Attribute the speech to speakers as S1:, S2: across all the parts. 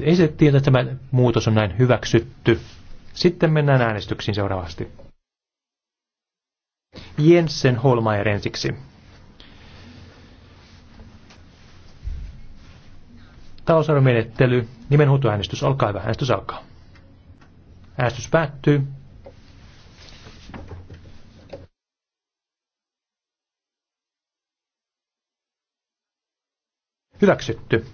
S1: esitettiin, että tämä muutos on näin hyväksytty. Sitten mennään äänestyksiin seuraavasti. Jensen Holmaer ensiksi. Talousarvomenettely, nimenhuutoäänestys, olkaa hyvä, äänestys alkaa. Äänestys päättyy. Hyväksytty.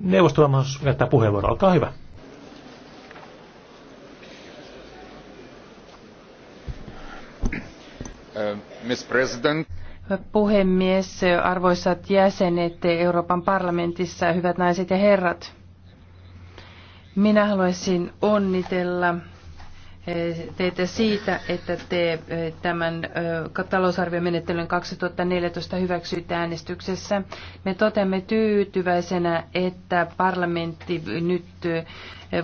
S1: neuvostolla mahdollisuus käyttää puheenvuoro. Olkaa hyvä.
S2: Miss President. Puhemies, arvoisat jäsenet Euroopan parlamentissa, hyvät naiset ja herrat. Minä haluaisin onnitella Eh, teitä siitä, että te eh, tämän eh, talousarviomenettelyn 2014 hyväksyitte äänestyksessä. Me toteamme tyytyväisenä, että parlamentti nyt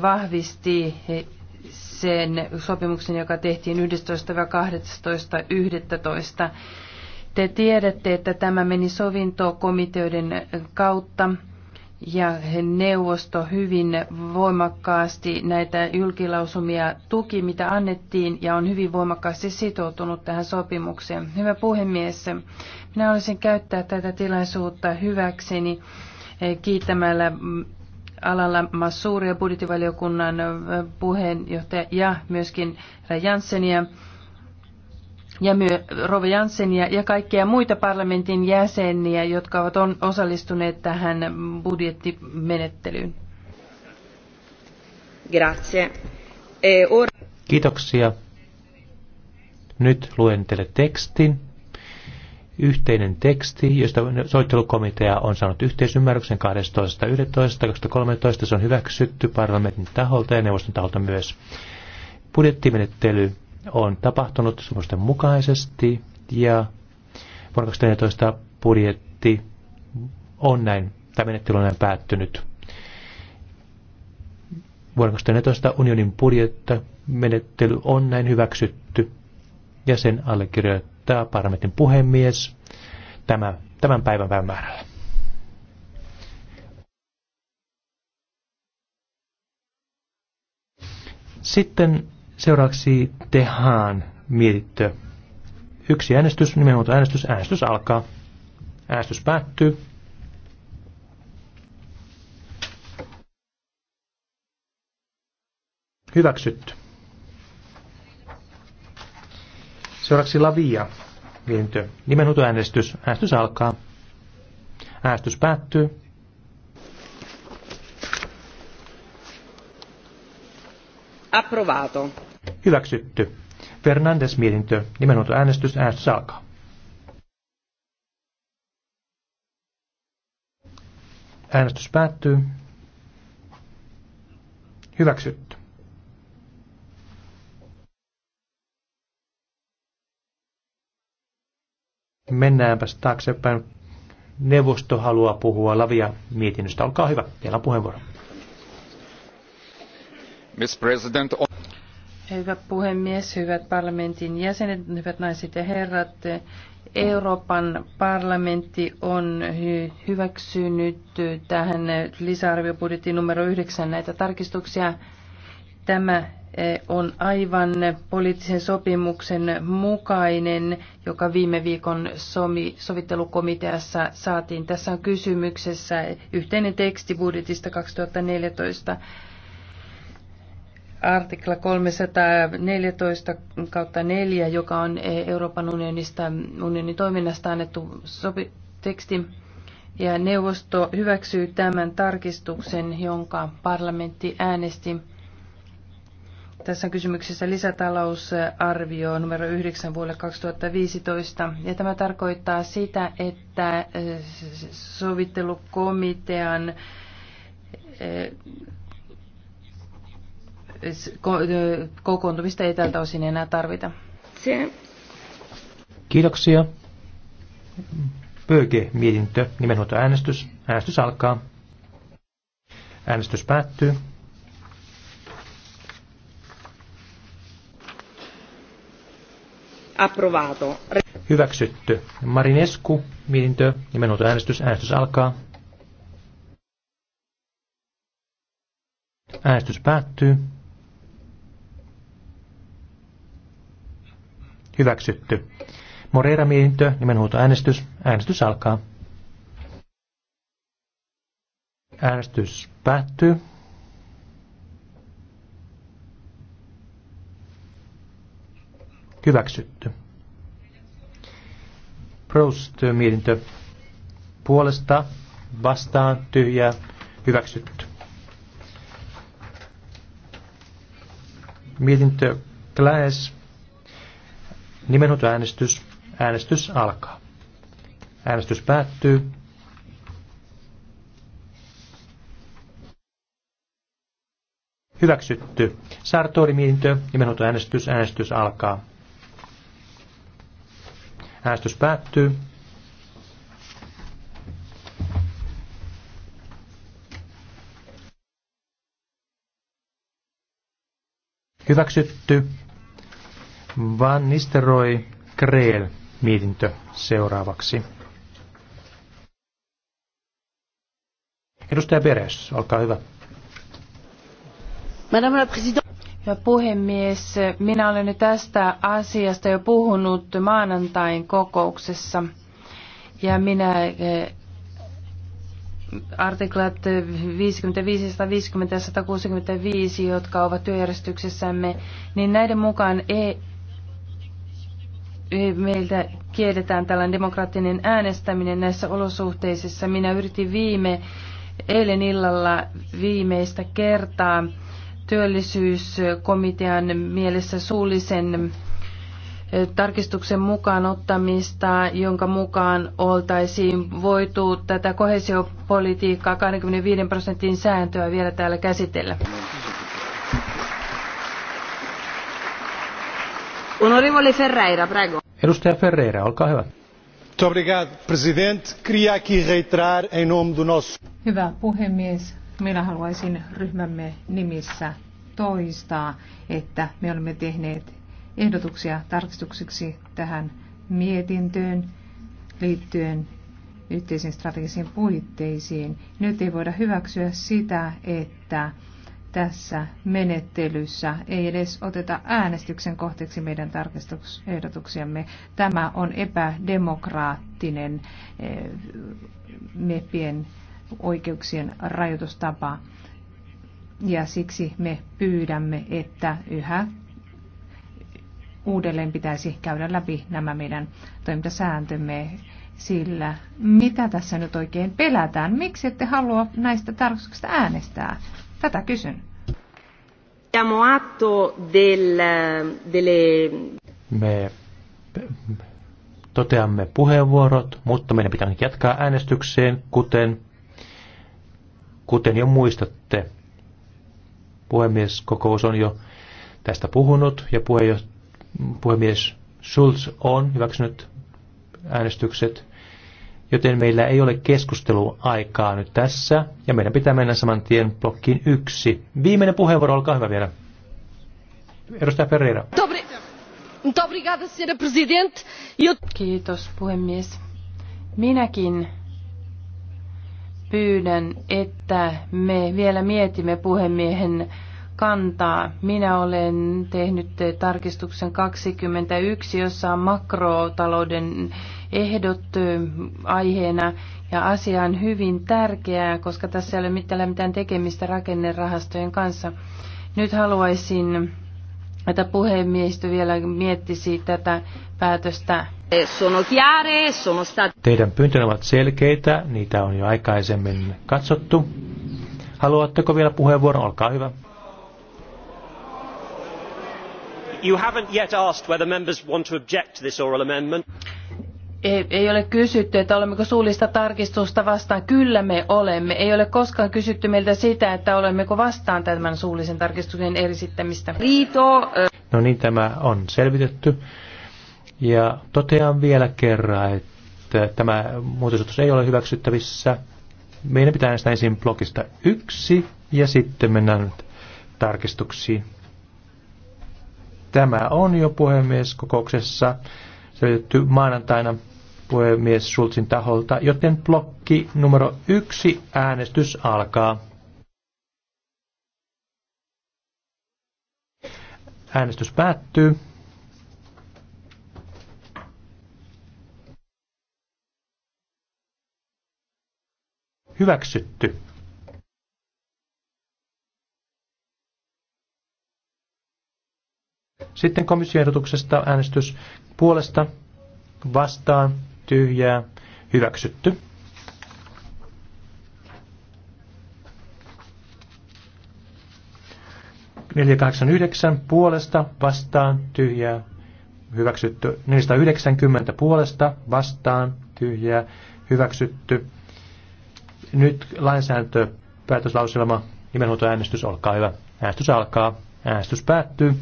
S2: vahvisti sen sopimuksen, joka tehtiin 11.12.11. Te tiedätte, että tämä meni sovintokomiteoiden kautta ja neuvosto hyvin voimakkaasti näitä julkilausumia tuki, mitä annettiin, ja on hyvin voimakkaasti sitoutunut tähän sopimukseen. Hyvä puhemies, minä olisin käyttää tätä tilaisuutta hyväkseni eh, kiittämällä mm, alalla Massuuria budjettivaliokunnan eh, puheenjohtaja ja myöskin Janssenia ja myös Rove Janssenia ja kaikkia muita parlamentin jäseniä, jotka ovat on, osallistuneet tähän budjettimenettelyyn. Grazie. E,
S1: Kiitoksia. Nyt luen teille tekstin. Yhteinen teksti, josta soittelukomitea on saanut yhteisymmärryksen 12.11.2013. Se on hyväksytty parlamentin taholta ja neuvoston taholta myös. Budjettimenettely on tapahtunut sopimusten mukaisesti ja vuonna 2014 budjetti on näin, tämä menettely on näin päättynyt. Vuonna 2014 unionin budjetta menettely on näin hyväksytty ja sen allekirjoittaa parlamentin puhemies tämä, tämän päivän päivämäärällä. Sitten Seuraavaksi tehaan mietittö. Yksi äänestys, nimenomaan äänestys, äänestys alkaa. Äänestys päättyy. Hyväksytty. Seuraavaksi Lavia. Mietintö. äänestys, Äänestys alkaa. Äänestys päättyy.
S2: Approvato.
S1: Hyväksytty. Fernandes mietintö. Nimenomaan äänestys. Äänestys alkaa. Äänestys päättyy. Hyväksytty. Mennäänpäs taaksepäin. Neuvosto haluaa puhua Lavia mietinnöstä. Olkaa hyvä, teillä on puheenvuoro. Miss President,
S2: Hyvä puhemies, hyvät parlamentin jäsenet, hyvät naiset ja herrat. Euroopan parlamentti on hyväksynyt tähän lisäarviobudjettiin numero yhdeksän näitä tarkistuksia. Tämä e, on aivan poliittisen sopimuksen mukainen, joka viime viikon sovittelukomiteassa saatiin. Tässä on kysymyksessä yhteinen teksti budjetista 2014 artikla 314 kautta 4, joka on Euroopan unionista, unionin toiminnasta annettu sopi, teksti. Ja neuvosto hyväksyy tämän tarkistuksen, jonka parlamentti äänesti. Tässä on kysymyksessä lisätalousarvio numero 9 vuodelle 2015. Ja tämä tarkoittaa sitä, että eh, sovittelukomitean eh, kokoontumista ei tältä osin enää tarvita.
S1: Kiitoksia. Pööke-mietintö, nimenhuolto äänestys. Äänestys alkaa. Äänestys päättyy.
S2: Approvato.
S1: Hyväksytty. Marinescu mietintö, nimenhuolto äänestys. Äänestys alkaa. Äänestys päättyy. Hyväksytty. Moreira mietintö, nimenhuutoäänestys. Äänestys alkaa. Äänestys päättyy. Hyväksytty. Proust mietintö puolesta vastaan tyhjää hyväksytty. Mietintö Claes Nimenhuutoäänestys. Äänestys alkaa. Äänestys päättyy. Hyväksytty. Sartori-mietintö. Nimenhuutoäänestys. Äänestys alkaa. Äänestys päättyy. Hyväksytty. Van Nisteroi Kreel mietintö seuraavaksi. Edustaja Beres, olkaa hyvä.
S2: Madame la Présidente. Hyvä puhemies, minä olen nyt tästä asiasta jo puhunut maanantain kokouksessa. Ja minä eh, artiklat 55, 150 ja 165, jotka ovat työjärjestyksessämme, niin näiden mukaan e- E, meiltä kielletään tällainen demokraattinen äänestäminen näissä olosuhteissa. Minä yritin viime eilen illalla viimeistä kertaa työllisyyskomitean mielessä suullisen e, tarkistuksen mukaan ottamista, jonka mukaan oltaisiin voitu tätä kohesiopolitiikkaa 25 prosentin sääntöä vielä täällä käsitellä. Onorevole Ferreira, prego.
S1: Edustaja Ferreira, olkaa hyvä.
S2: Hyvä puhemies, minä haluaisin ryhmämme nimissä toistaa, että me olemme tehneet ehdotuksia tarkistuksiksi tähän mietintöön liittyen yhteisiin strategisiin puitteisiin. Nyt ei voida hyväksyä sitä, että tässä menettelyssä ei edes oteta äänestyksen kohteeksi meidän tarkistusehdotuksiamme. Tämä on epädemokraattinen eh, MEPien oikeuksien rajoitustapa ja siksi me pyydämme, että yhä uudelleen pitäisi käydä läpi nämä meidän toimintasääntömme sillä, mitä tässä nyt oikein pelätään. Miksi ette halua näistä tarkoituksista äänestää? Tätä kysyn.
S1: Me toteamme puheenvuorot, mutta meidän pitää jatkaa äänestykseen, kuten, kuten jo muistatte. Puhemieskokous on jo tästä puhunut ja puhemies Schulz on hyväksynyt äänestykset joten meillä ei ole keskusteluaikaa nyt tässä, ja meidän pitää mennä saman tien blokkiin yksi. Viimeinen puheenvuoro, olkaa hyvä vielä. Edustaja Ferreira.
S2: Kiitos puhemies. Minäkin pyydän, että me vielä mietimme puhemiehen kantaa. Minä olen tehnyt tarkistuksen 21, jossa on makrotalouden ehdot aiheena. Ja asia on hyvin tärkeää, koska tässä ei ole mitään, mitään tekemistä rakennerahastojen kanssa. Nyt haluaisin, että puhemiehistö vielä miettisi tätä päätöstä.
S1: Teidän pyyntönne ovat selkeitä, niitä on jo aikaisemmin katsottu. Haluatteko vielä puheenvuoron? Olkaa hyvä. you have not yet asked whether members want to object to this oral amendment.
S2: Ei, ei ole kysytty, että olemmeko suullista tarkistusta vastaan. Kyllä me olemme. Ei ole koskaan kysytty meiltä sitä, että olemmeko vastaan tämän suullisen tarkistuksen erisittämistä. Riito.
S1: No niin, tämä on selvitetty. Ja totean vielä kerran, että tämä muutosotus ei ole hyväksyttävissä. Meidän pitää äänestää ensin blogista yksi ja sitten mennään tarkistuksiin. Tämä on jo puhemieskokouksessa selitetty maanantaina puhemies Sultsin taholta, joten blokki numero yksi äänestys alkaa. Äänestys päättyy. Hyväksytty. Sitten komissioehdotuksesta äänestys puolesta, vastaan, tyhjää, hyväksytty. Neljä yhdeksän puolesta, vastaan, tyhjää, hyväksytty. 490 puolesta, vastaan, tyhjää, hyväksytty. Nyt lainsäädäntö, päätöslauselma, nimenhuutoäänestys, olkaa hyvä. Äänestys alkaa, äänestys päättyy.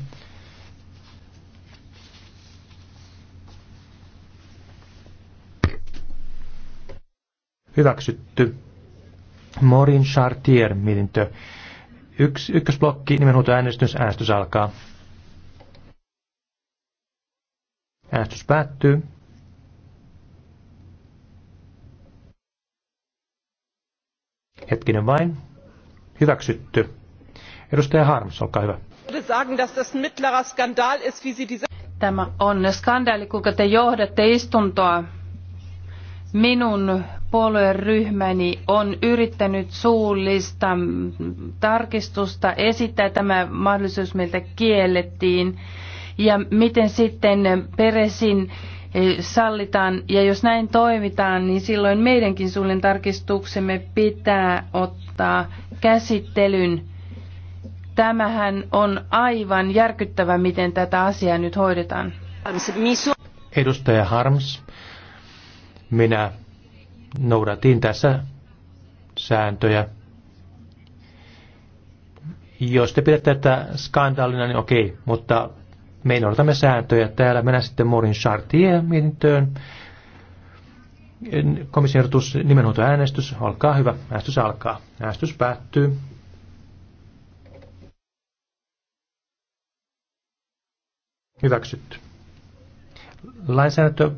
S1: hyväksytty. Morin Chartier mietintö. Yks, ykkösblokki, äänestys, äänestys alkaa. Äänestys päättyy. Hetkinen vain. Hyväksytty. Edustaja Harms, olkaa hyvä.
S2: Tämä on skandaali, kuinka te johdatte istuntoa. Minun puolueryhmäni on yrittänyt suullista tarkistusta esittää. Tämä mahdollisuus meiltä kiellettiin. Ja miten sitten peresin eh, sallitaan, ja jos näin toimitaan, niin silloin meidänkin suullinen tarkistuksemme pitää ottaa käsittelyn. Tämähän on aivan järkyttävä, miten tätä asiaa nyt hoidetaan.
S1: Edustaja Harms, minä noudatin tässä sääntöjä. Jos te pidätte tätä skandaalina, niin okei, mutta me noudatamme sääntöjä. Täällä mennään sitten Morin Chartier-mietintöön. Komission ehdotus äänestys. Olkaa hyvä. Äänestys alkaa. Äänestys päättyy. Hyväksytty. Lainsäädäntö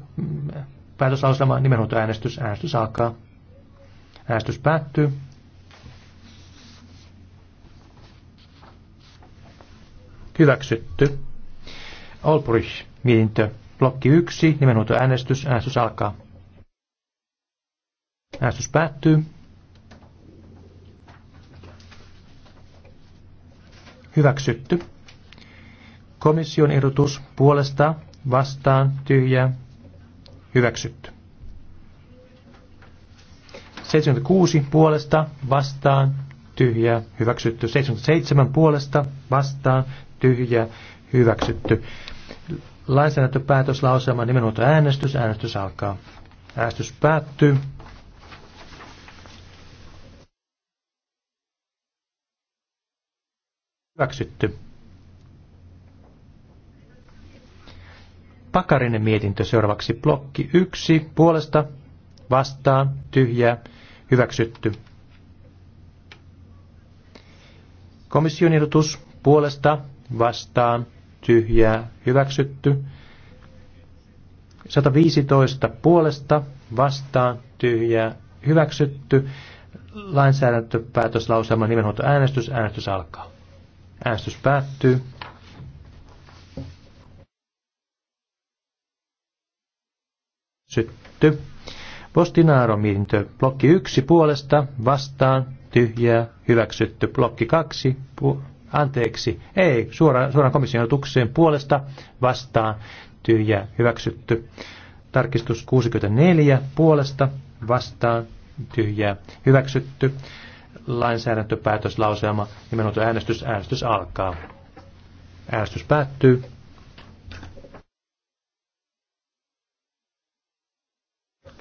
S1: päätöslauselma nimenhuutoäänestys. Äänestys alkaa. Äänestys päättyy. Hyväksytty. Olbrich mietintö. Blokki 1, nimenhuutoäänestys. Äänestys alkaa. Äänestys päättyy. Hyväksytty. Komission ehdotus puolesta vastaan tyhjää hyväksytty. 76 puolesta vastaan tyhjä hyväksytty. 77 puolesta vastaan tyhjä hyväksytty. Lainsäädäntöpäätöslauselma nimenomaan äänestys. Äänestys alkaa. Äänestys päättyy. Hyväksytty. Pakarinen mietintö seuraavaksi blokki 1 puolesta vastaan tyhjää hyväksytty. Komission ehdotus puolesta vastaan tyhjää hyväksytty. 115 puolesta vastaan tyhjää hyväksytty. Lainsäädäntöpäätöslauselma nimenhuolto äänestys. Äänestys alkaa. Äänestys päättyy. hyväksytty. Postinaaro mietintö blokki 1 puolesta vastaan tyhjää hyväksytty. Blokki 2 pu- anteeksi, ei, suoraan, suoraan komission ehdotukseen puolesta vastaan tyhjää hyväksytty. Tarkistus 64 puolesta vastaan tyhjää hyväksytty. Lainsäädäntöpäätöslauselma nimenomaan äänestys. Äänestys alkaa. Äänestys päättyy.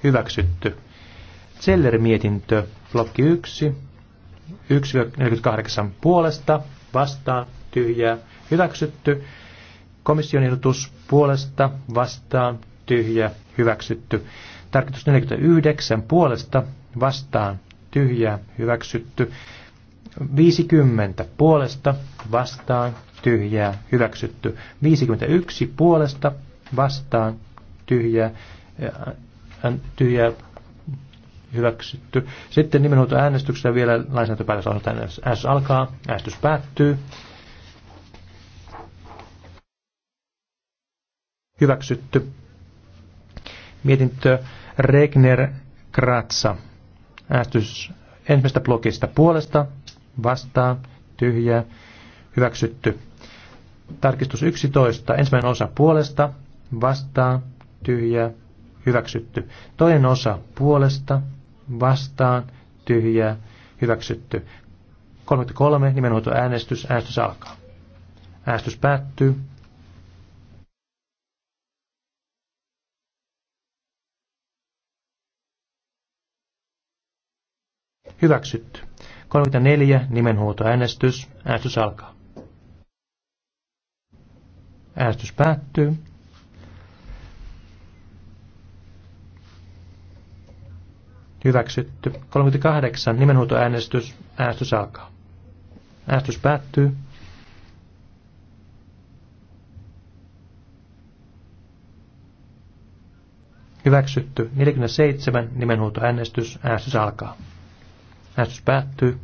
S1: hyväksytty. Zeller-mietintö, blokki 1, 1,48 puolesta, vastaan, tyhjää, hyväksytty. Komission ehdotus puolesta, vastaan, tyhjä, hyväksytty. Tarkoitus 49 puolesta, vastaan, tyhjä, hyväksytty. 50 puolesta, vastaan, tyhjää, hyväksytty. 51 puolesta, vastaan, tyhjää, hän tyhjää hyväksytty. Sitten nimenhuolto äänestyksessä vielä lainsäädäntöpäätös osaltaan äänestys alkaa, äänestys päättyy. Hyväksytty. Mietintö Regner Kratsa. Äänestys ensimmäistä blogista puolesta, vastaan, tyhjää, hyväksytty. Tarkistus 11. Ensimmäinen osa puolesta, vastaan, tyhjää, hyväksytty. Toinen osa puolesta, vastaan, tyhjää, hyväksytty. 33, nimenhuolto äänestys, äänestys alkaa. Äänestys päättyy. Hyväksytty. 34, äänestys äänestys alkaa. Äänestys päättyy. Hyväksytty. 38. Nimenhuutoäänestys. Äänestys alkaa. Äänestys päättyy. Hyväksytty. 47. Nimenhuutoäänestys. Äänestys alkaa. Äänestys päättyy.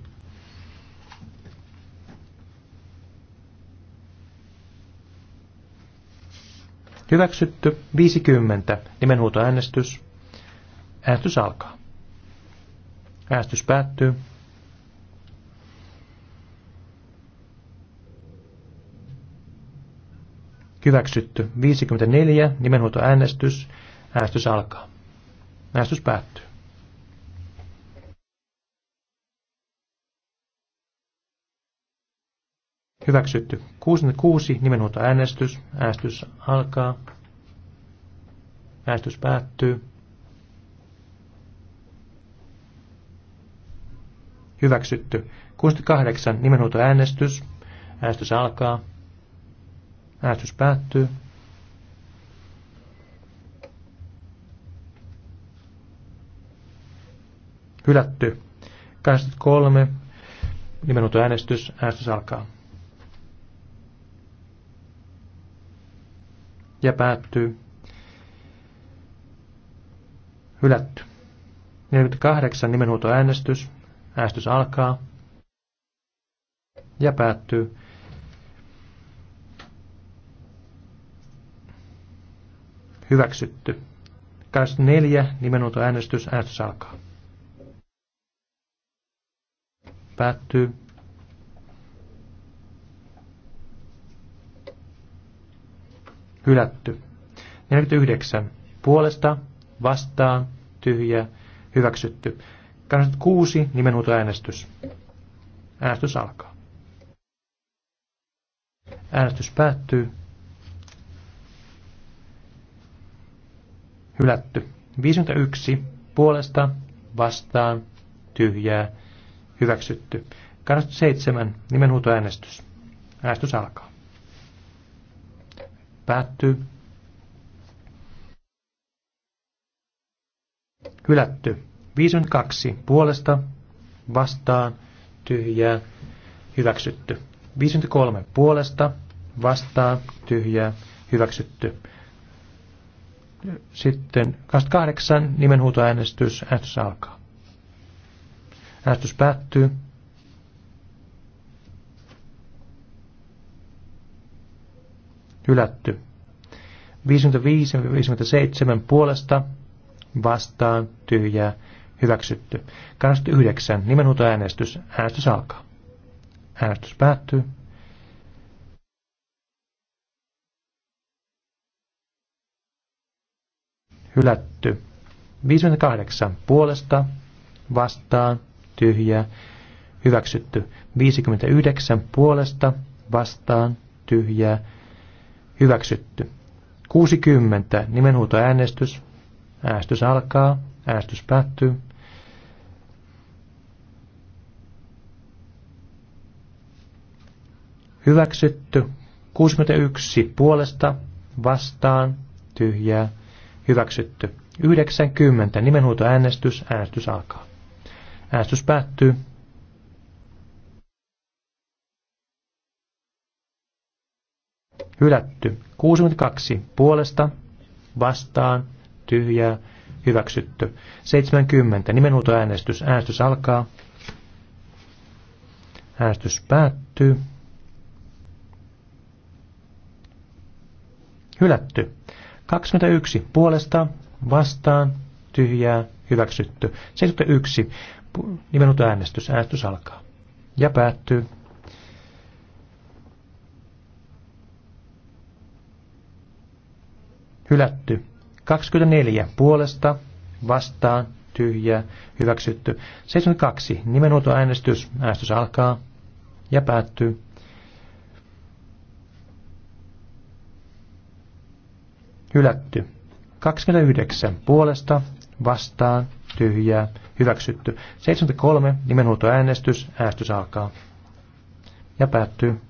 S1: Hyväksytty. 50. Nimenhuutoäänestys. Äänestys alkaa. Äästys päättyy. Hyväksytty. 54. Nimenhuoltoäänestys. Äänestys alkaa. Äästys päättyy. Hyväksytty. 66. Nimenhuoltoäänestys. Äänestys alkaa. Äästys päättyy. Hyväksytty. 68. Nimenhuutoäänestys. Äänestys alkaa. Äänestys päättyy. Hylätty. 83. Nimenhuutoäänestys. Äänestys alkaa. Ja päättyy. Hylätty. 48. Nimenhuutoäänestys. Äänestys alkaa ja päättyy. Hyväksytty. 24 nimenuoto äänestys. Äänestys alkaa. Päättyy. Hylätty. 49. Puolesta, vastaan, tyhjä, hyväksytty. 26 nimenhuutoäänestys. Äänestys alkaa. Äänestys päättyy. Hylätty. 51 puolesta vastaan tyhjää hyväksytty. 27 äänestys. Äänestys alkaa. Päättyy. Hylätty. 52 puolesta vastaan tyhjää hyväksytty. 53 puolesta vastaan tyhjää hyväksytty. Sitten 28 nimenhuutoäänestys. Äänestys alkaa. Äänestys päättyy. Hylätty. 55-57 ja puolesta vastaan tyhjää Hyväksytty. 29. Nimenhuutoäänestys. Äänestys alkaa. Äänestys päättyy. Hylätty. 58. Puolesta, vastaan, tyhjää. Hyväksytty. 59. Puolesta, vastaan, tyhjää. Hyväksytty. 60. Nimenhuutoäänestys. Äänestys alkaa. Äänestys päättyy. hyväksytty. 61 puolesta vastaan tyhjää hyväksytty. 90 nimenhuutoäänestys, äänestys alkaa. Äänestys päättyy. Hylätty. 62 puolesta vastaan tyhjää hyväksytty. 70 nimenhuutoäänestys, äänestys alkaa. Äänestys päättyy. hylätty. 21 puolesta vastaan tyhjää hyväksytty. 71 nimenut äänestys. Äänestys alkaa ja päättyy. Hylätty. 24 puolesta vastaan tyhjää hyväksytty. 72 äänestys. Äänestys alkaa ja päättyy. hylätty. 29 puolesta vastaan tyhjää hyväksytty. 73 nimenhuutoäänestys, äänestys alkaa ja päättyy.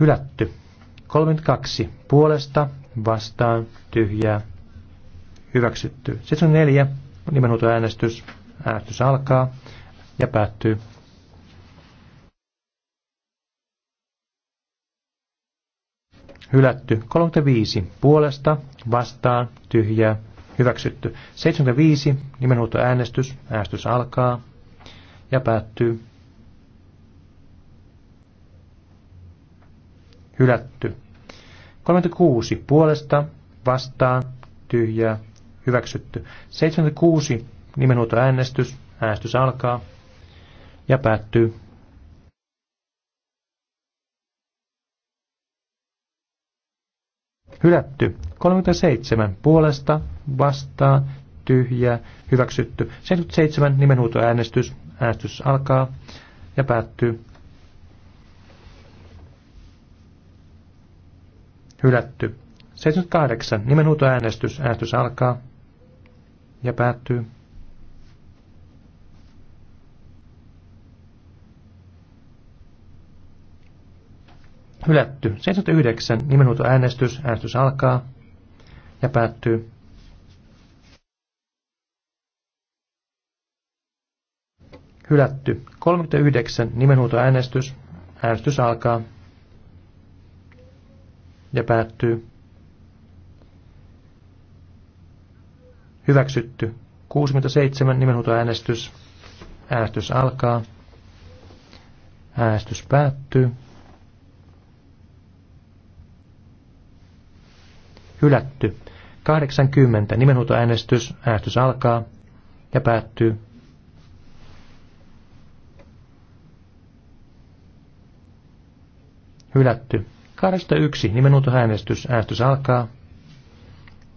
S1: Hylätty. 32 puolesta vastaan tyhjää hyväksytty. 74 nimenhuutoäänestys, äänestys alkaa ja päättyy. hylätty. 35 puolesta, vastaan, tyhjää, hyväksytty. 75 nimenhuuto äänestys, äänestys alkaa ja päättyy. Hylätty. 36 puolesta, vastaan, tyhjää, hyväksytty. 76 nimenhuuto äänestys, äänestys alkaa ja päättyy. hylätty. 37 puolesta vastaan tyhjää hyväksytty. 77 nimenhuutoäänestys. Äänestys alkaa ja päättyy. Hylätty. 78 nimenhuutoäänestys. Äänestys alkaa ja päättyy. Hylätty. 79. Nimenhuuto äänestys. Äänestys alkaa ja päättyy. Hylätty. 39. Nimenhuuto äänestys. Äänestys alkaa ja päättyy. Hyväksytty. 67. äänestys Äänestys alkaa. Äänestys päättyy. hylätty. 80. Nimenhuutoäänestys. Äänestys alkaa ja päättyy. Hylätty. 81. Nimenhuutoäänestys. Äänestys alkaa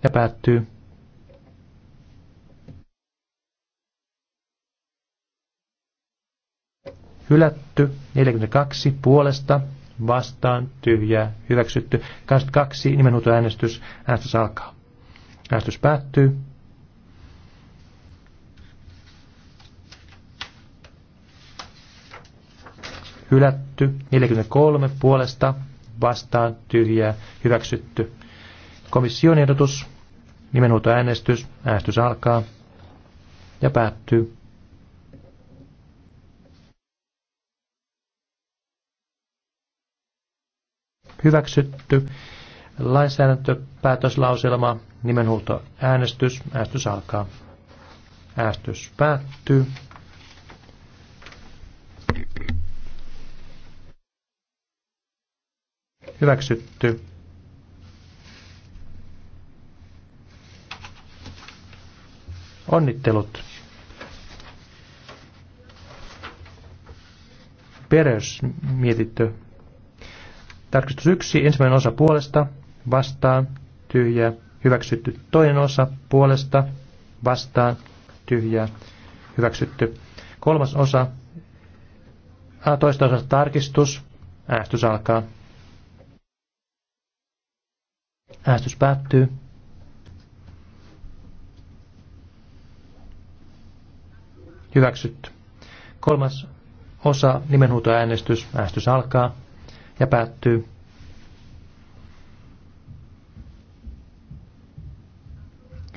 S1: ja päättyy. Hylätty. 42. Puolesta vastaan, tyhjää, hyväksytty. 22, nimenhuuto äänestys äänestys alkaa. Äänestys päättyy. Hylätty, 43 puolesta, vastaan, tyhjää, hyväksytty. Komission ehdotus, äänestys äänestys alkaa ja päättyy. hyväksytty. Lainsäädäntöpäätöslauselma, nimenhuuto äänestys, äänestys alkaa. Äänestys päättyy. Hyväksytty. Onnittelut. Peres mietitty. Tarkistus yksi, ensimmäinen osa puolesta, vastaan, tyhjää, hyväksytty. Toinen osa puolesta, vastaan, tyhjää, hyväksytty. Kolmas osa, toista osa tarkistus, äänestys alkaa. Äänestys päättyy. Hyväksytty. Kolmas osa, nimenhuutoäänestys, äänestys alkaa ja päättyy.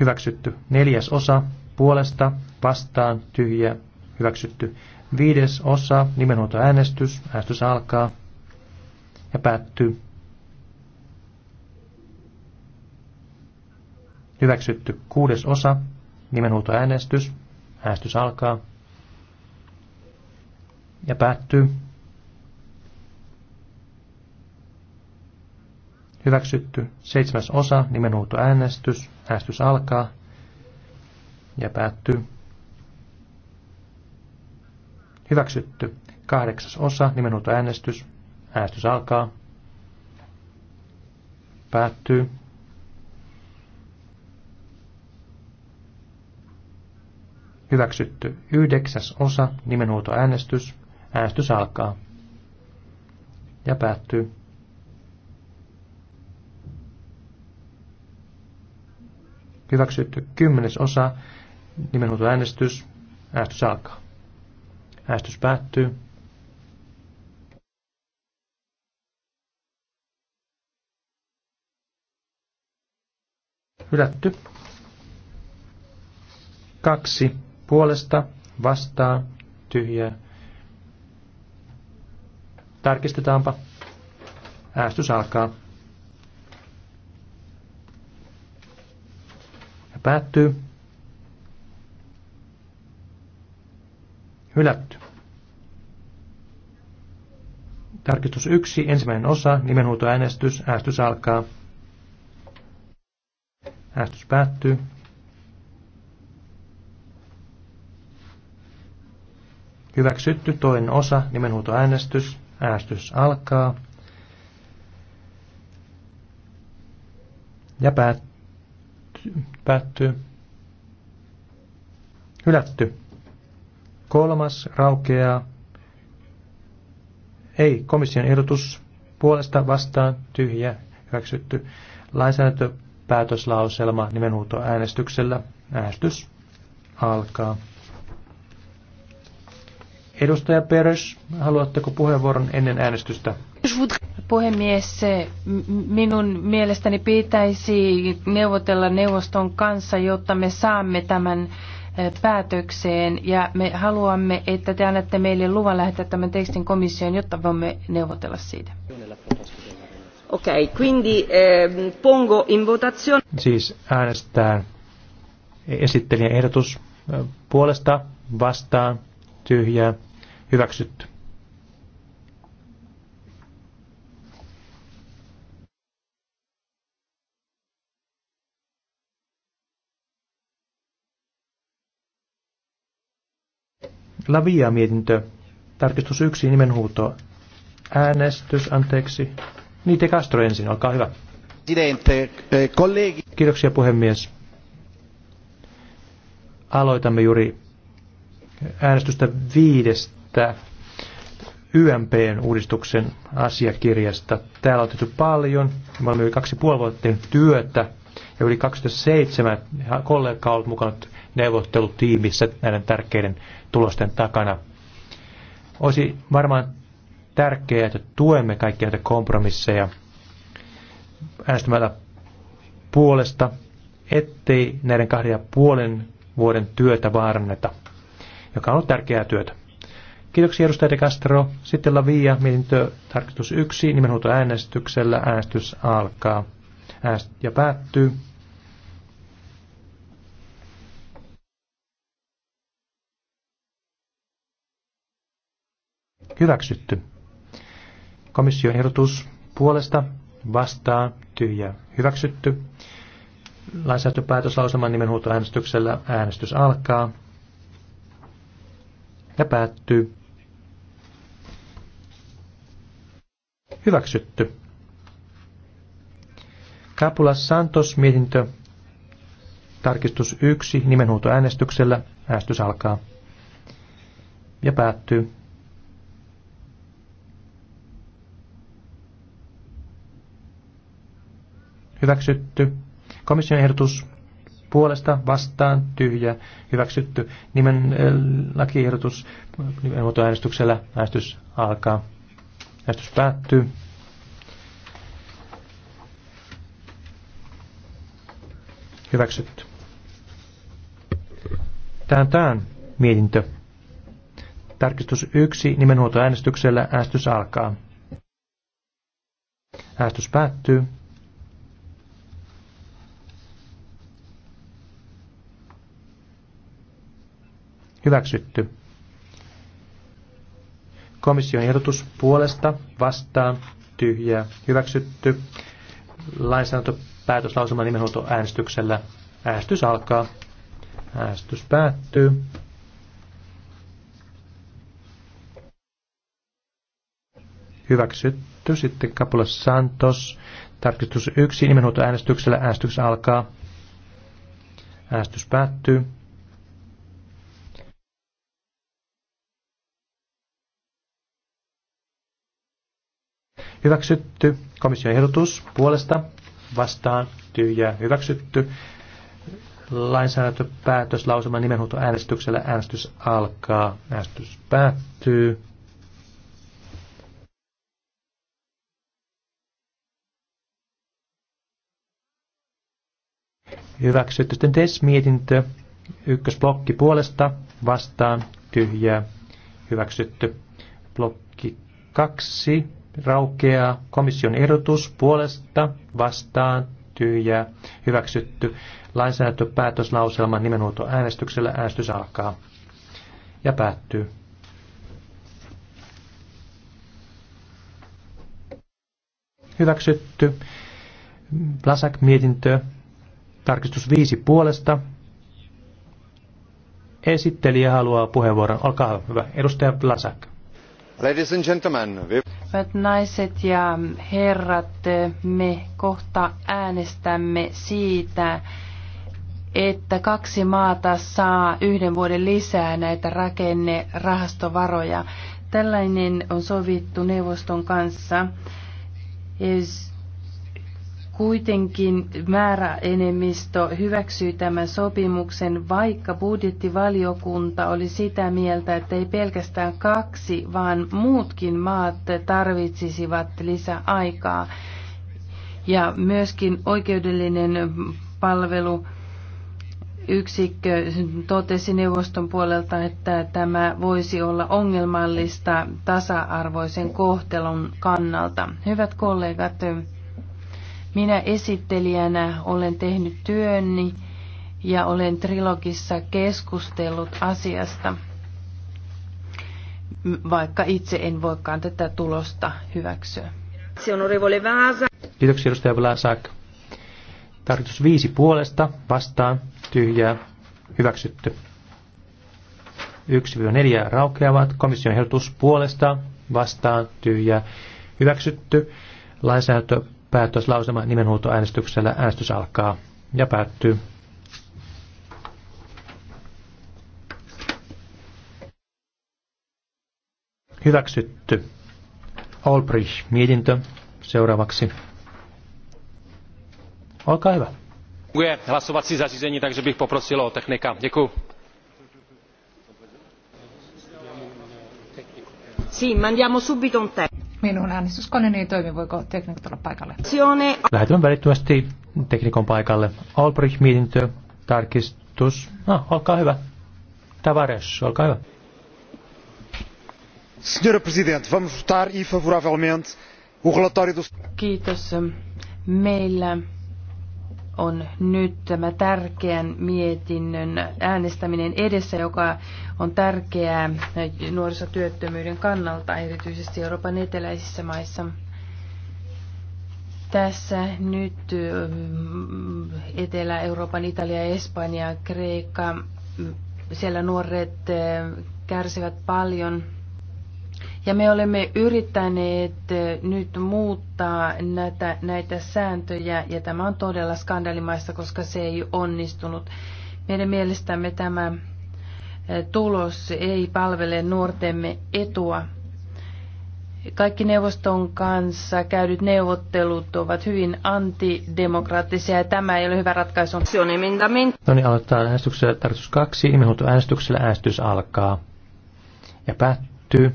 S1: Hyväksytty. Neljäs osa puolesta, vastaan, tyhjä, hyväksytty. Viides osa, nimenhuoltoäänestys, äänestys alkaa ja päättyy. Hyväksytty kuudes osa, äänestys äänestys alkaa ja päättyy. Hyväksytty. Seitsemäs osa, nimenhuuto äänestys. Äänestys alkaa ja päättyy. Hyväksytty. Kahdeksas osa, nimenhuuto äänestys. Äänestys alkaa. Päättyy. Hyväksytty. Yhdeksäs osa, nimenhuuto äänestys. Äänestys alkaa. Ja päättyy. Hyväksytty kymmenes osa. Nimenhuuto äänestys. Äänestys alkaa. Äänestys päättyy. Hylätty. Kaksi. Puolesta, vastaan, tyhjää. Tarkistetaanpa. Äänestys alkaa. päättyy. Hylätty. Tarkistus 1, ensimmäinen osa, nimenhuutoäänestys, äänestys alkaa. Äänestys päättyy. Hyväksytty toinen osa, nimenhuutoäänestys, äänestys alkaa. Ja päättyy päättyy. Hylätty. Kolmas raukeaa. Ei, komission ehdotus puolesta vastaan tyhjä hyväksytty. Lainsäädäntöpäätöslauselma nimenhuuto äänestyksellä. Äänestys alkaa. Edustaja Peres, haluatteko puheenvuoron ennen äänestystä?
S2: Puhemies, minun mielestäni pitäisi neuvotella neuvoston kanssa, jotta me saamme tämän päätökseen ja me haluamme, että te annatte meille luvan lähettää tämän tekstin komissioon, jotta voimme neuvotella siitä. okay, quindi eh, pongo in votazione. Siis
S1: äänestään esittelijän ehdotus puolesta, vastaan, tyhjää, hyväksytty. Lavia mietintö, tarkistus yksi nimenhuuto. Äänestys, anteeksi. te Castro ensin, olkaa hyvä. kollegi. Eh, Kiitoksia puhemies. Aloitamme juuri äänestystä viidestä YMPn uudistuksen asiakirjasta. Täällä on tehty paljon. Me olemme kaksi puoli vuotta tehnyt työtä ja yli 27 kollega on mukana neuvottelutiimissä näiden tärkeiden tulosten takana. Olisi varmaan tärkeää, että tuemme kaikkia näitä kompromisseja äänestämällä puolesta, ettei näiden kahden ja puolen vuoden työtä vaaranneta, joka on ollut tärkeää työtä. Kiitoksia edustaja De Castro. Sitten Lavia, mietintö tarkistus 1, nimenhuuto äänestyksellä. Äänestys alkaa ja päättyy. Hyväksytty. Komission ehdotus puolesta vastaan tyhjä hyväksytty. Lainsäädäntöpäätöslauselman huutoäänestyksellä äänestys alkaa ja päättyy. Hyväksytty. Kapula Santos mietintö. Tarkistus 1 nimenhuuto äänestyksellä. Äänestys alkaa ja päättyy. Hyväksytty. Komission ehdotus puolesta vastaan tyhjä. Hyväksytty. Nimen äh, lakiehdotus äänestyksellä Äänestys alkaa. Äänestys päättyy. Hyväksytty. Tähän tämän mietintö. Tarkistus 1 nimenhuoltoäänestyksellä. Äänestys alkaa. Äänestys päättyy. Hyväksytty. Komission ehdotus puolesta vastaan tyhjää hyväksytty. Lainsäädäntö päätöslauselman äänestyksellä Äänestys alkaa. Äänestys päättyy. Hyväksytty. Sitten kapula Santos. Tarkistus 1. Nimenhuoltoäänestyksellä äänestys alkaa. Äänestys päättyy. Hyväksytty komission ehdotus puolesta vastaan tyhjää hyväksytty. lausuma nimenhuuto äänestyksellä. Äänestys alkaa. Äänestys päättyy. Hyväksytty. Sitten TES-mietintö. Ykkösblokki puolesta vastaan tyhjää hyväksytty. Blokki kaksi raukeaa komission ehdotus puolesta vastaan tyhjää hyväksytty. Lainsäädäntöpäätöslauselma nimenhuuto äänestyksellä äänestys alkaa ja päättyy. Hyväksytty. Blasak-mietintö. Tarkistus viisi puolesta. Esittelijä haluaa puheenvuoron. Olkaa hyvä. Edustaja Blasak.
S2: Ladies and gentlemen, we... Hyvät naiset ja herrat, me kohta äänestämme siitä, että kaksi maata saa yhden vuoden lisää näitä rakennerahastovaroja. Tällainen on sovittu neuvoston kanssa. Kuitenkin määräenemmistö hyväksyi tämän sopimuksen, vaikka budjettivaliokunta oli sitä mieltä, että ei pelkästään kaksi, vaan muutkin maat tarvitsisivat lisäaikaa. Ja myöskin oikeudellinen palvelu yksikkö totesi neuvoston puolelta, että tämä voisi olla ongelmallista tasa-arvoisen kohtelun kannalta. Hyvät kollegat, minä esittelijänä olen tehnyt työnni ja olen trilogissa keskustellut asiasta, vaikka itse en voikaan tätä tulosta hyväksyä.
S1: Kiitoksia edustaja Vlasak. Tarkoitus viisi puolesta vastaan tyhjää hyväksytty. 1-4 raukeavat. Komission ehdotus puolesta vastaan tyhjää hyväksytty. Lainsäädäntö päätöslausema nimenhuutoäänestyksellä. Äänestys alkaa ja päättyy. Hyväksytty. Olbrich, mietintö seuraavaksi. Olkaa hyvä. Funguje hlasovací zařízení, takže bych poprosil o technika. Děkuji.
S2: Sì, mandiamo subito un test. Minun äänestyskoneeni ei toimi, voiko teknikko tulla paikalle?
S1: Lähetämme välittömästi teknikon paikalle. Albrecht mietintö, tarkistus. No, olkaa hyvä. Tavares, olkaa hyvä. Senhora Presidente, vamos votar e favoravelmente o relatório
S2: do... Kiitos. Meillä on nyt tämä tärkeän mietinnön äänestäminen edessä, joka on tärkeää nuorisotyöttömyyden kannalta, erityisesti Euroopan eteläisissä maissa. Tässä nyt mm, Etelä-Euroopan, Italia, Espanja, Kreikka, siellä nuoret mm, kärsivät paljon – ja me olemme yrittäneet eh, nyt muuttaa näitä, näitä sääntöjä, ja tämä on todella skandalimaista, koska se ei onnistunut. Meidän mielestämme tämä eh, tulos ei palvele nuortemme etua. Kaikki neuvoston kanssa käydyt neuvottelut ovat hyvin antidemokraattisia ja tämä ei ole hyvä ratkaisu.
S1: No niin, aloittaa äänestyksellä tarkoitus kaksi. Nimenhuuto äänestyksellä äänestys alkaa ja päättyy.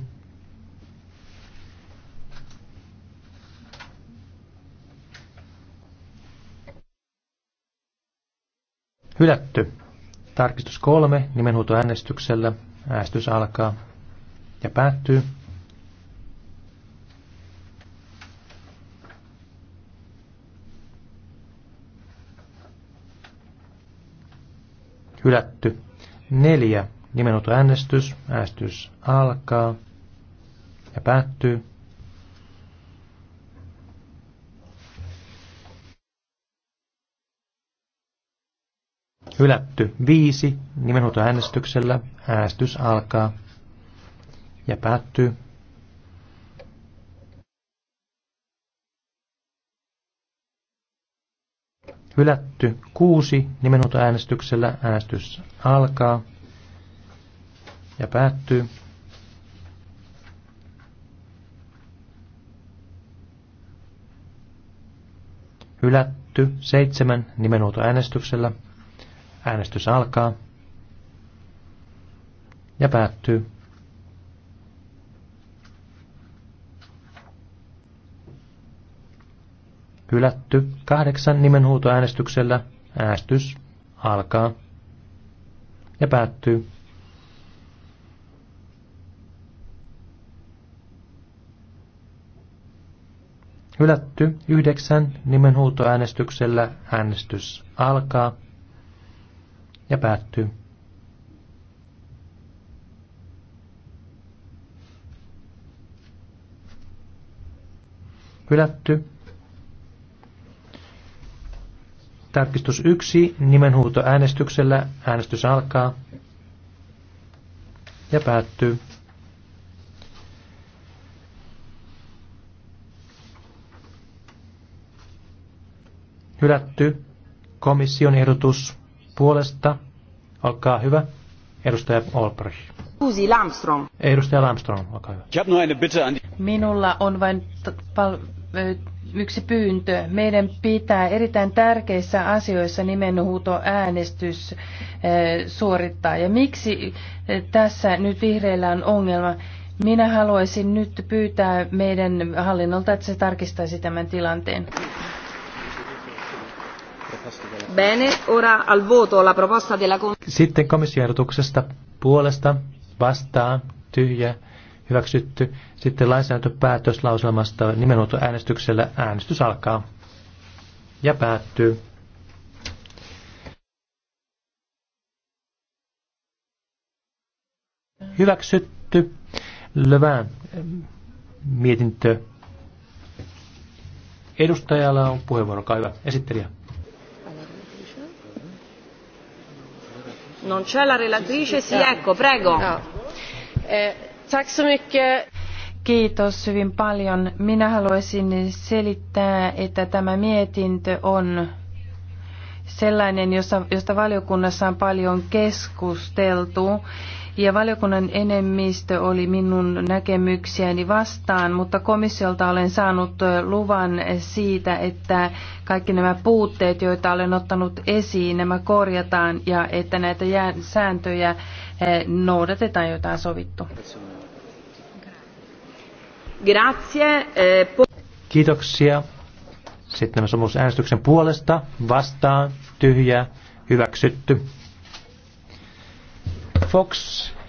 S1: Hylätty. Tarkistus kolme nimenhuutoäänestyksellä. Äänestys alkaa ja päättyy. Hylätty. Neljä. Nimenhuutoäänestys. Äänestys alkaa ja päättyy. Hylätty viisi nimenhuutoäänestyksellä. Äänestys alkaa ja päättyy. Hylätty kuusi nimenhuutoäänestyksellä. Äänestys alkaa ja päättyy. Hylätty seitsemän nimenhuutoäänestyksellä. äänestyksellä. Äänestys alkaa ja päättyy. Hylätty kahdeksan nimenhuutoäänestyksellä. Äänestys alkaa ja päättyy. Hylätty yhdeksän nimenhuutoäänestyksellä äänestys alkaa ja päättyy. Hylätty. Tarkistus 1 nimenhuuto äänestyksellä. Äänestys alkaa ja päättyy. Hylätty komission ehdotus puolesta. Olkaa hyvä. Edustaja Olbrich.
S2: Susi Lamström.
S1: Edustaja Lamström, olkaa hyvä.
S2: Minulla on vain yksi pyyntö. Meidän pitää erittäin tärkeissä asioissa nimenhuuto äänestys suorittaa. Ja miksi tässä nyt vihreillä on ongelma? Minä haluaisin nyt pyytää meidän hallinnolta, että se tarkistaisi tämän tilanteen. Bene, ora al voto la proposta della...
S1: Sitten puolesta vastaan tyhjä hyväksytty. Sitten lainsäädäntöpäätöslauselmasta nimenomaan äänestyksellä äänestys alkaa ja päättyy. Hyväksytty. Levään mietintö. Edustajalla on puheenvuoro, kaiva Esittelijä.
S2: prego. Ah. Eh, Kiitos hyvin paljon. Minä haluaisin selittää, että tämä mietintö on sellainen, josta, josta valiokunnassa on paljon keskusteltu. Ja valiokunnan enemmistö oli minun näkemyksiäni vastaan, mutta komissiolta olen saanut luvan siitä, että kaikki nämä puutteet, joita olen ottanut esiin, nämä korjataan ja että näitä sääntöjä noudatetaan, joita on sovittu. Grazie. Eh,
S1: Kiitoksia. Sitten tämä sopimusäänestyksen puolesta, vastaan, tyhjä hyväksytty. Fox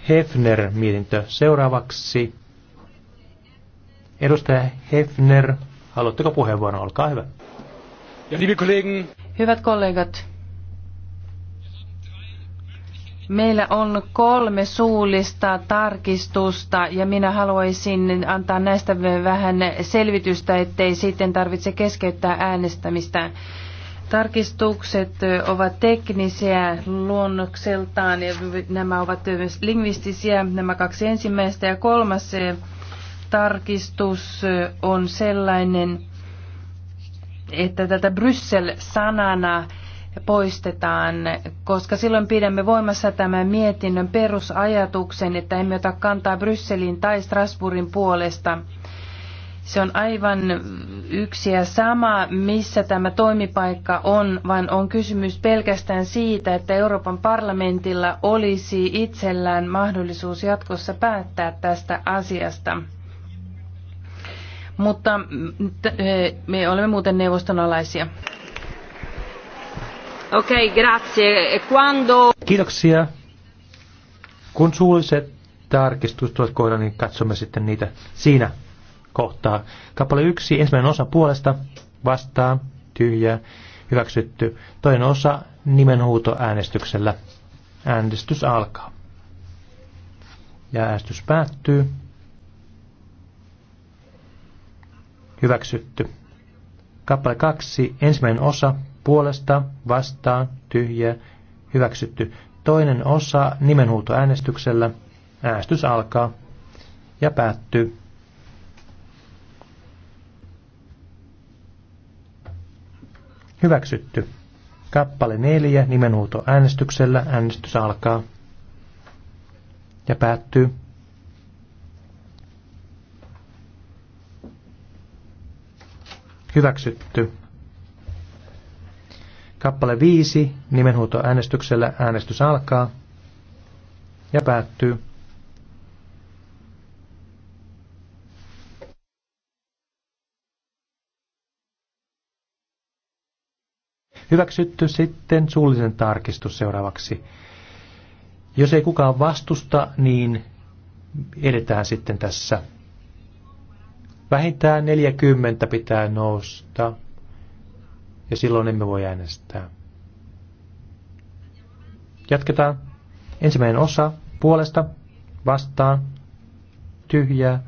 S1: Hefner mietintö seuraavaksi. Edustaja Hefner, haluatteko puheenvuoron? Olkaa hyvä. Ja,
S2: Hyvät kollegat, Meillä on kolme suullista tarkistusta ja minä haluaisin antaa näistä vähän selvitystä, ettei sitten tarvitse keskeyttää äänestämistä. Tarkistukset ovat teknisiä luonnokseltaan ja nämä ovat myös lingvistisiä, nämä kaksi ensimmäistä ja kolmas tarkistus on sellainen, että tätä Bryssel-sanana poistetaan, koska silloin pidämme voimassa tämän mietinnön perusajatuksen, että emme ota kantaa Brysselin tai Strasbourgin puolesta. Se on aivan yksi ja sama, missä tämä toimipaikka on, vaan on kysymys pelkästään siitä, että Euroopan parlamentilla olisi itsellään mahdollisuus jatkossa päättää tästä asiasta. Mutta mm, me olemme muuten neuvoston alaisia. Okei, okay, grazie. E quando...
S1: Kiitoksia. Kun suulliset tarkistus tuot kohdan, niin katsomme sitten niitä siinä kohtaa. Kappale yksi, ensimmäinen osa puolesta, vastaan, tyhjää, hyväksytty. Toinen osa nimenhuuto äänestyksellä. Äänestys alkaa. Ja äänestys päättyy. Hyväksytty. Kappale kaksi, ensimmäinen osa puolesta, vastaan, tyhjä, hyväksytty. Toinen osa nimenhuuto äänestyksellä. Äänestys alkaa ja päättyy. Hyväksytty. Kappale 4 nimenhuuto äänestyksellä. Äänestys alkaa ja päättyy. Hyväksytty. Kappale 5, nimenhuuto äänestyksellä äänestys alkaa ja päättyy. Hyväksytty sitten suullisen tarkistus seuraavaksi. Jos ei kukaan vastusta, niin edetään sitten tässä. Vähintään 40 pitää nousta ja silloin emme voi äänestää. Jatketaan. Ensimmäinen osa puolesta, vastaan, tyhjää,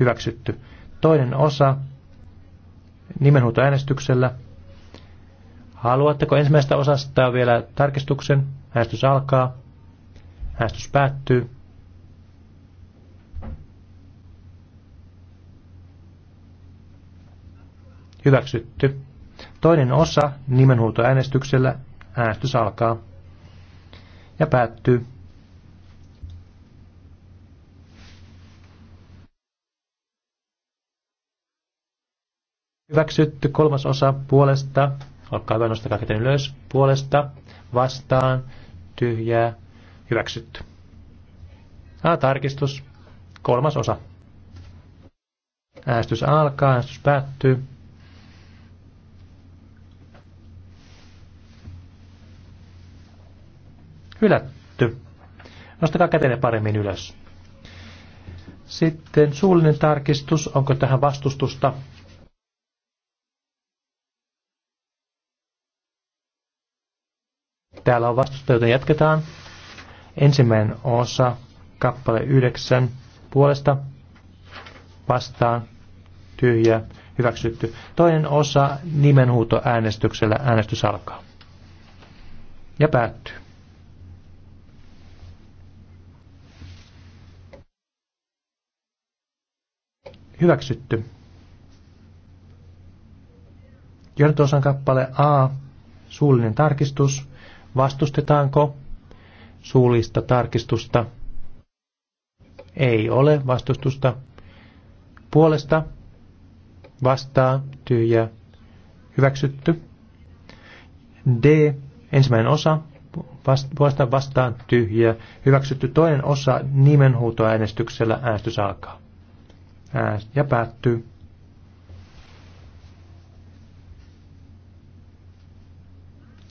S1: hyväksytty. Toinen osa nimenhuutoäänestyksellä. Haluatteko ensimmäistä osasta vielä tarkistuksen? Äänestys alkaa. Äänestys päättyy. Hyväksytty. Toinen osa nimenhuutoäänestyksellä äänestys alkaa ja päättyy. Hyväksytty kolmas osa puolesta. Olkaa hyvä, nostakaa käteen ylös. Puolesta, vastaan, tyhjää, hyväksytty. A, tarkistus. Kolmas osa. Äänestys alkaa, äänestys päättyy. Hylätty. Nostakaa kätenne paremmin ylös. Sitten suullinen tarkistus. Onko tähän vastustusta? Täällä on vastusta, joten jatketaan. Ensimmäinen osa, kappale 9, puolesta, vastaan, tyhjä, hyväksytty. Toinen osa, nimenhuuto äänestyksellä, äänestys alkaa. Ja päättyy. Hyväksytty. Kertoosan kappale A. Suullinen tarkistus. Vastustetaanko suullista tarkistusta? Ei ole vastustusta. Puolesta vastaa tyhjä hyväksytty. D. Ensimmäinen osa puolesta vastaan tyhjä hyväksytty. Toinen osa nimenhuutoäänestyksellä äänestys alkaa ja päättyy.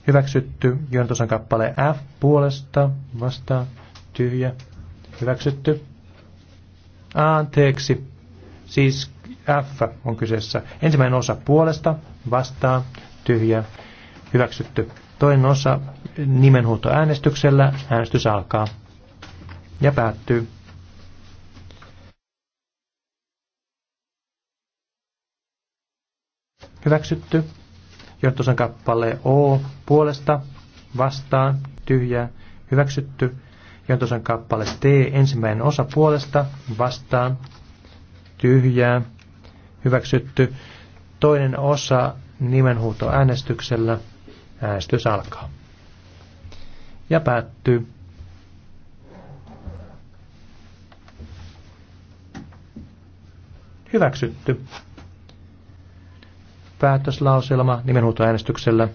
S1: Hyväksytty. Jontosan kappale F puolesta vastaa Tyhjä. Hyväksytty. Anteeksi. Siis F on kyseessä. Ensimmäinen osa puolesta vastaa Tyhjä. Hyväksytty. Toinen osa äänestyksellä Äänestys alkaa ja päättyy. Hyväksytty. Johtosan kappale O puolesta vastaan tyhjää. Hyväksytty. Johtosan kappale T ensimmäinen osa puolesta vastaan tyhjää. Hyväksytty. Toinen osa nimenhuuto äänestyksellä. Äänestys alkaa. Ja päättyy. Hyväksytty. Päätöslauselma nimenhuutoäänestyksellä.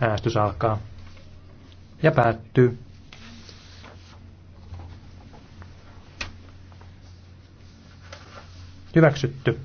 S1: Äänestys alkaa ja päättyy. Hyväksytty.